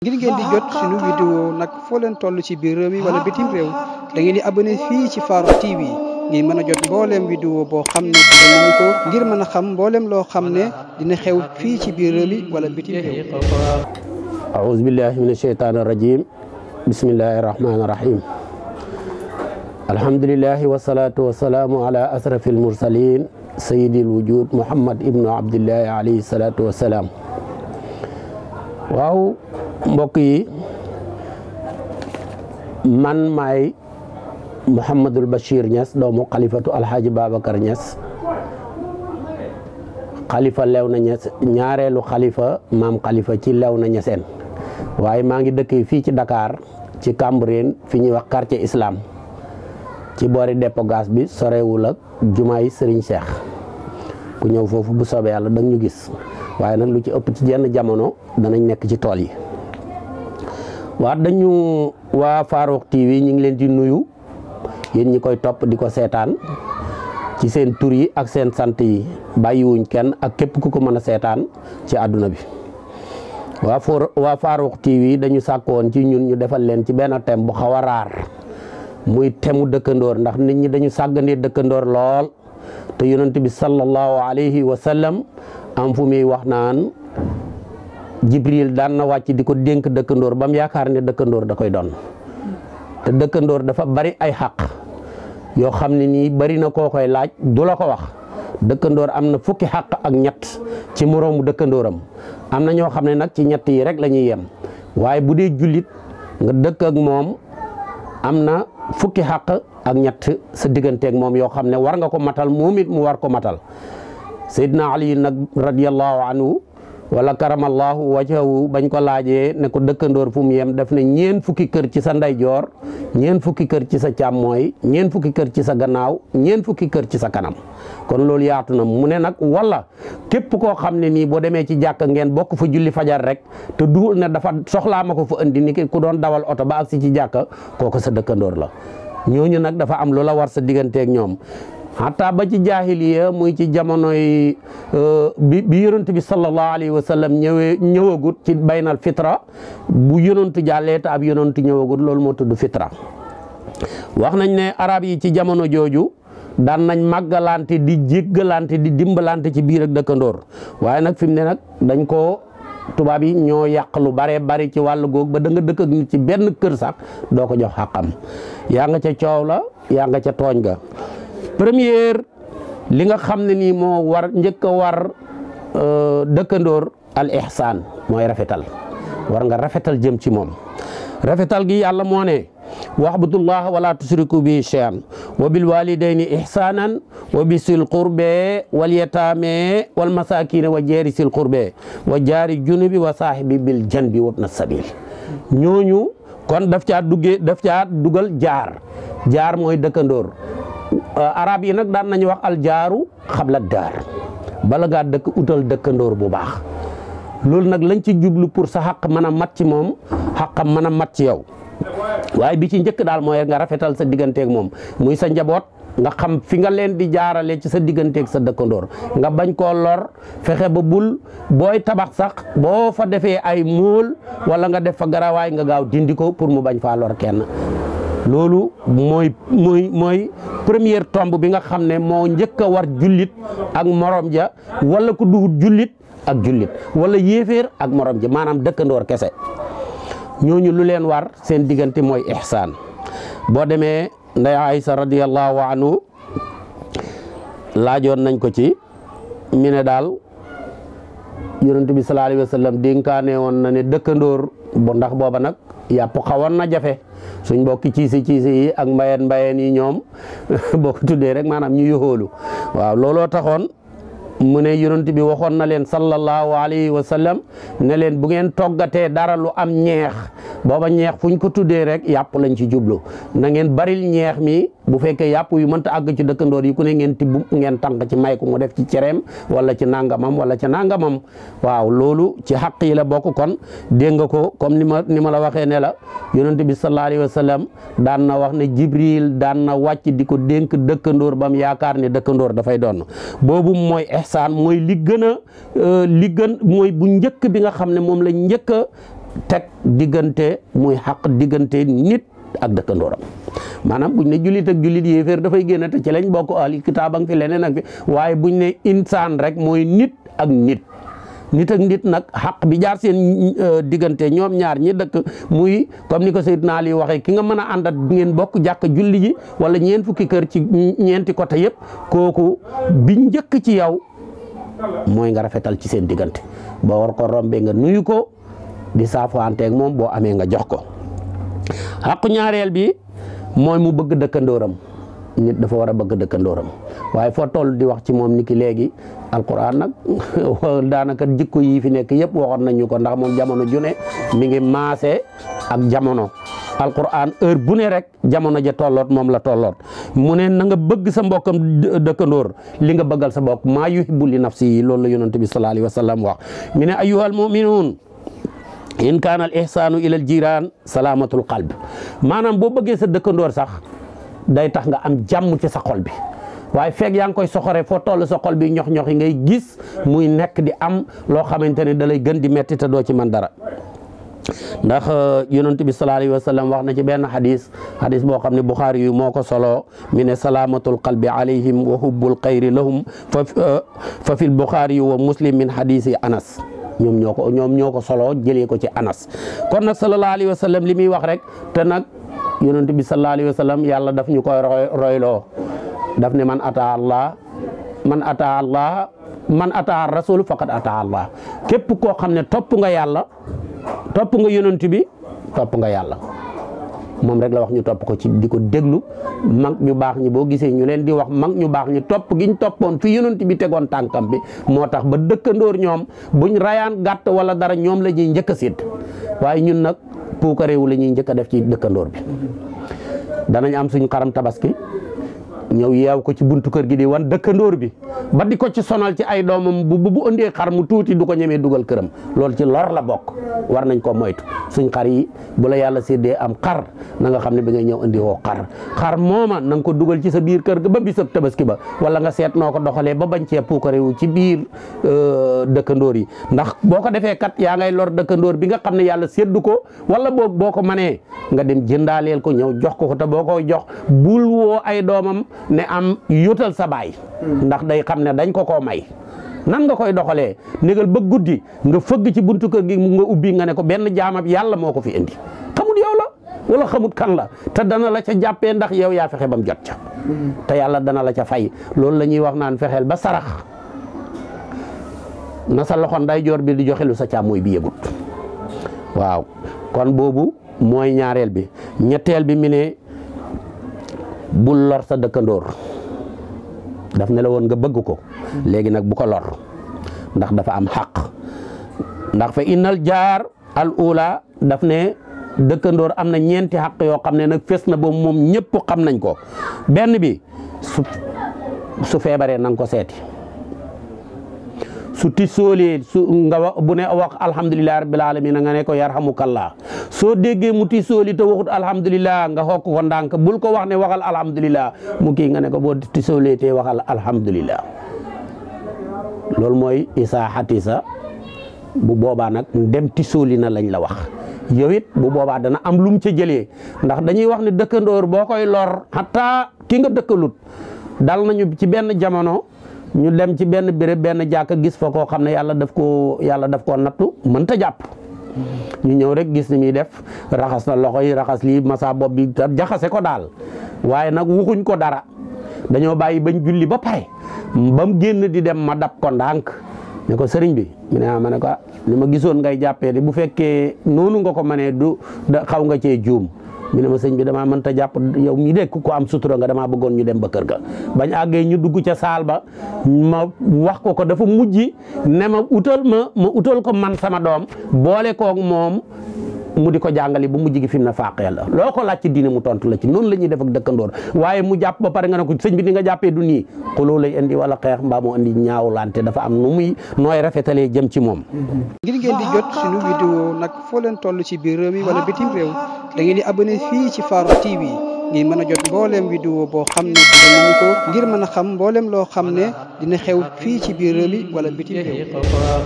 ngir ngeen di jot suñu vidéo nag foo leen toll ci biir réew mi wala bitim réew da ngeen di abonné fii ci Farokh TV ngir mën a jot mbooleem vidéo boo xam ne dinañu ko ngir mën a xam mbooleem loo xam ne dina xew fii ci biir réew mi wala bitim réew aouzu billahi min asheytaan arrajim bismillahi rahmani rahim alhamdulilahi wasalaatu wasalaamu ala asrafi almursalin sayidi alwujud muhammad ibnu abdillahi alayhi salaatu wasalaam waaw mbok yi man maay Mouhamadul Bachir khalifatu al xalifatu Alhaji Babacar Niass xalifa Léona Niass ñaarelu khalifa mam khalifa ci Léona Niassène waye ma ngi dekk fi ci Dakar ci Cambérène fi ñi wax quartier islam ci depo depo gas bi sorewul ak jumaay Serigne Cheikh ku ñew fofu bu soobee yàlla dang ñu gis waye nak lu ci upp ci jenn jamono danañ nek ci tol yi wa dañu wa faruk TV ñi ngi leen di nuyu yeen ñi koy topp di ko ci seen tour yi ak seen sante yi wuñ kenn ak kep ku ko mën a ci aduna bi wa for wa TV dañu sakkon ci ñun ñu defal leen ci ben thème bu xawa a muy temu dekkandor ndax nit ñi dañu sagane dekkandor lool te yonent bi sallallahu alayhi wa sallam am fu mi wax naan jibril dan na wacc di denk dénk dëkkandoor bam mu yaakaar ne dëkkandoor da koy don te dëkkandoor dafa bari ay haq yo xamni ni bari na ko koy laaj du la ko wax dëkkandoor am na fukki haq ak ñett ci morom dëkkandooram am na ñoo xam ci ñett yi rek la yem waye bu dee nga dekk ak mom amna fukki haq ak ñett sa digganteeg ak mom yo xamne war nga ko matal momit mu war ko matal Ali nak radiyallahu anhu wala karamallahu wajhahu bañ ko laajee ne ko dëkkandoor fu mu yem def ne ñeen fukki kër ci sa ndeyjoor ñeen fukki kër ci sa càmmooy ñeen fukki kër ci sa gannaaw ñeen fukki kër ci sa kanam kon loolu yaatu na mu ne nag wala képp koo xam ne nii boo demee ci jàkk ngeen bokk fa julli fajar rek te duul ne dafa soxlaa ma ko fa andi ni ku doon dawal oto ba agsi ci jàkk kooku sa dëkkandoor la ñooñu nag dafa am lu la war sa digganteeg ñoom hatta ba ci jahiliya muy ci jamonoy e, bi bi yonent bi sallallahu alaihi wasallam ñewé ñewagut ci baynal fitra bu yonent jalle ta ab yonent ñewagut lol mo tuddu fitra wax nañ né arab yi ci jamono joju dan nañ magalanté di jéggalanté di dimbalanté ci biir ak dëkkandoor waaye nag fi mu dañ ko yi ñoo lu bare bari ci walu gog ba da nga dëkk ak nit ci benn kër sax doo jox xakam ya nga ca ciow la ya nga ca togn ga première li nga xam ne nii moo war njëkk a war euh, dëkkandoor al ihsaan mooy rafetal war nga rafetal jëm ci moom rafetal gi yàlla moo ne wa'budullaha wala tusriku bi shay'an wa bil walidayni ihsanan wa bisil qurbe wal yatame wal masakine wa jari sil qurbe wa jari junubi wa sahibi bil janbi wabna sabil ñooñu kon daf caa duggee daf caa dugal jaar jaar mooy dëkkandoor Eh, arab yi nak dan nañ wax aljaaru xabla daar bala ngaa dëkk utal ndor bu bax lol nak lañ ci jublu pour sa haq mana mat ci mom haq mana mat ci yow waye bi ci njëkk dal moy nga rafetal sa digganteeg mom muy sa njabot nga xam fi nga leen di jaarale ci sa digganteeg sa ndor nga bañ ko lor fexé ba bul boy tabax sax bo fa defee ay moul wala nga def fa garaway nga gaaw dindiko pour mu bañ fa lor kenn loolu mooy mooy mooy première tomb bi nga xam ne moo njëkk a war jullit ak moroom ja wala ku duhut jullit ak jullit wala yéeféer ak moroom ja maanaam dëkkandoor kese ñooñu lu leen war seen diggante mooy ihsaan boo demee nday Aysa radiyallahu anhu laajoon nañ ko ci mi ne daal yonent bi sallallahu alayhi wa sallam dénkaane woon na ne dëkkandoor bu ndax booba nag yàpp xawoon na jafe suñ mbokki ciisi ciisi yi ak mbayeen mbayeen yi ñoom boo ko tuddee rek maanaam ñu yoxoolu waaw looloo taxoon mu ne yonent bi waxoon na leen sallallahu alayhi wa sallam ne leen bu ngeen toggatee dara lu am ñeex booba ñeex fu ñu ko tuddee rek yàpp lañ ci jublu na ngeen baril ñeex mi bu fekkee yàpp yu mënta àgg ci dëkkandoor yi ku ne ngeen ti tibb ngeen tànk ci may ku mu def ci cereem wala ci nangamam wala ci nangamam waaw loolu ci xàq yi la bokk kon dégg nga ko comme ni ma ni ma la waxee ne la yonent bi sallallahu alayhi wa daan na wax ne Jibril daan na wàcc di ko dénk dëkkandoor bam mu yaakaar ne dëkkandoor dafay doon boobu mooy ihsaan mooy li gën a euh, li mooy bu njëkk bi nga xam ne moom la njëkk teg diggante muy xaq diggante nit ak dëkkandooram maanaam buñ ne jullit ak jullit yéeféer dafay génn te ci lañ bokk ahli kitaab ak fi leneen ak fi waaye buñ ne insaan rek mooy nit ak nit nit ak nit nag xaq bi jaar seen euh, diggante ñoom ñaar ñi dëkk muy comme ni ko Seydina Ali waxee ki nga mën a àndat ngeen bokk jàkk julli ji wala ñeen fukki kër ci ñeenti côté yëpp kooku bi njëkk ci yow mooy nga rafetal ci seen diggante ba war ko nga nuyu di ak mom bo amé nga jox ko xaqu ñaareel bi moy mu bëgg dekkandoram nit dafa wara bëgg dekkandoram waye fo toll di wax ci mom niki légui alquran nak daanaka jikko yi fi nek yépp waxon nañu ko ndax mom jamono june mi ngi maase ak jamono alquran heure bu né rek jamono ja tollot mom la tollot mu ne na nga bëgg sa mbokam dekkandor li nga bëggal sa bok ma yuhibbu li nafsi loolu la yonent bi sallallahu alayhi wa wax mi ne ayyuhal mu'minun in kana al ila jiran Jiran salaamatul qalb manam bo beugé sa dëkkandoor sax day tax nga am jamm ci sa xol bi waye fek yang koy soxoré fo tollu sa xol bi ñox-ñox ngay gis muy nekk di am lo xamanteni ne da lay gën di metti ta do ci man dara ndax uh, yonnati bi sallallahu alayhi wasallam sallam wax na ci ben hadith hadith bo xamni bukhari yu moko solo min salamatul qalbi alayhim wa hubbul khair lahum fa uh, fil wa muslim min hadith Anas ñoom ñoo ko ñoom ñoo ko soloo jëlee ko ci anas kon nag sallallahu alayhi wa sallam li muy wax rek te nag yonent bi sallallahu alayhi wa sallam yàlla daf ñu koy roy royloo daf ne man ataa allah man ataa allah man ataa rasul faqad ataa allah képp koo xam ne topp nga yàlla topp nga yonent bi topp nga yàlla mom rek la wax ñu top ko ci diko deglu déglu mag ñu bax ñi bo gisee ñu leen di wax mag ñu bax ñi top giñ topon fi yoonent bi tegoon tankam bi motax ba dëkkandoor ñom buñ rayaan gatt wala dara ñom la ñuy njëkk a ñun nag puukareewu la ñuy njëkk def ci bi danañ am suñu xaram tabaski ñew yew ko ci buntu kër gi di wan dëkkandoor bi ba diko ci sonal ci ay domam bu bu ëndé xar mu tuuti duko ñëmé duggal kërëm lool ci lor la bok war nañ koo moytu suñ xar yi bu la yàlla séddee am xar na nga xam ne bi ngay ñëw indi woo xar xar mooma na ko dugal ci sa biir kër ga ba bisab tabaski ba wala nga seet noo ko doxalee ba bañ cee puukarewu ci biir euh, dëkkandoor yi ndax boo ko defee kat yaa ngay lor dëkkandoor bi nga xam ne yàlla séddu ko wala boog boo ko manee nga dem jëndaaleel ko ñëw jox ko ko te boo koy jox bul woo ay doomam ne am yóotal sa baay hmm. ndax day xam ne dañ ko koo may nan nga koy doxalee négal ba guddi nga fëgg ci buntu kër gi nga ubbi nga ne ko benn jaamab yàlla moo ko fi andi xamut yow la wala xamut kan la te dana la ca jàppee ndax yow yaa fexe ba mu jot ca te yàlla dana la ca fay loolu la ñuy wax naan fexeel ba sarax na sa loxo ndeyjoor bi di joxelu lu sa càmmooy bi yëgut waaw kon boobu mooy ñaareel bi ñetteel bi mi ne bul lor sa dëkkandoor daf ne la won nga bëgg ko légui nak bu ko lor ndax dafa am haq ndax fa innal jar al ula daf ne dekkandor am ñenti haq yo xamne nak ne na ba moom ñëpp xam nañ ko benn bi su febaré nang ko séti su tisolé su nga bu ne wax alhamdullilah rabbil alamin nga ne ko yarhamukallah soo déggee mu ti tisooli te waxut alhamdulilah nga xokk ko ndànk bul ko wax ne waxal alhamdulilah mu kii nga ne ko boo tisoolee te waxal alhamdulilah loolu mooy isa xatisa bu boobaa nag dem ti tisooli na lañ la wax yow it bu boobaa dana am lum ci jëlee ndax dañuy wax ne dëkkandoor boo koy lor xataa ki nga dëkkalut dal nañu ci benn jamono ñu dem ci benn béréb benn jàkka gis fa koo xam ne yàlla def koo yàlla daf koo nattu mënta jàpp ñu ñëw rek gis ni muy def raxas na loxo yi raxas lii masa bopp bi jaxase ko daal waaye nag wuxuñ ko dara dañoo bàyyi bañ julli ba pare ba mu génn di dem ma dab ko ndànk ne ko sëriñ bi mu ne ah, ma ne ko ah, li ma gisoon ngay jàppee de bu fekkee noonu nga ko mane du xaw nga cee juum mi ne ma sëñ bi damaa mënta jàpp yow mi de ku ko am sutura nga damaa bëggoon ñu dem ba kër ga bañ àggee ñu dugg ca saal ba ma wax ko ko dafa mujj ne ma utal ma ma utal ko man sama doom boole koog moom mu di ko jàngali ba mujj gi fi mu ne faaqee la loo ko laaj ci diine mu tontu la ci noonu la ñuy def ak dëkkandoor waaye mu jàpp ba pare nga ne ko sëñ bi jàppee du nii xuloo lay indi wala xeex mbaa ñaawlante dafa am muy nooy rafetalee jëm ci moom ngir ngeen di jot suñu vidéo nag foo leen toll ci biir réew mi wala bitim réew da ngeen di abonné fii ci Farokh TV ngir mën a jot mbooleem vidéo boo xam ne ngir mën a xam mbooleem loo xam ne dina xew fii ci biir réew mi wala bitim réew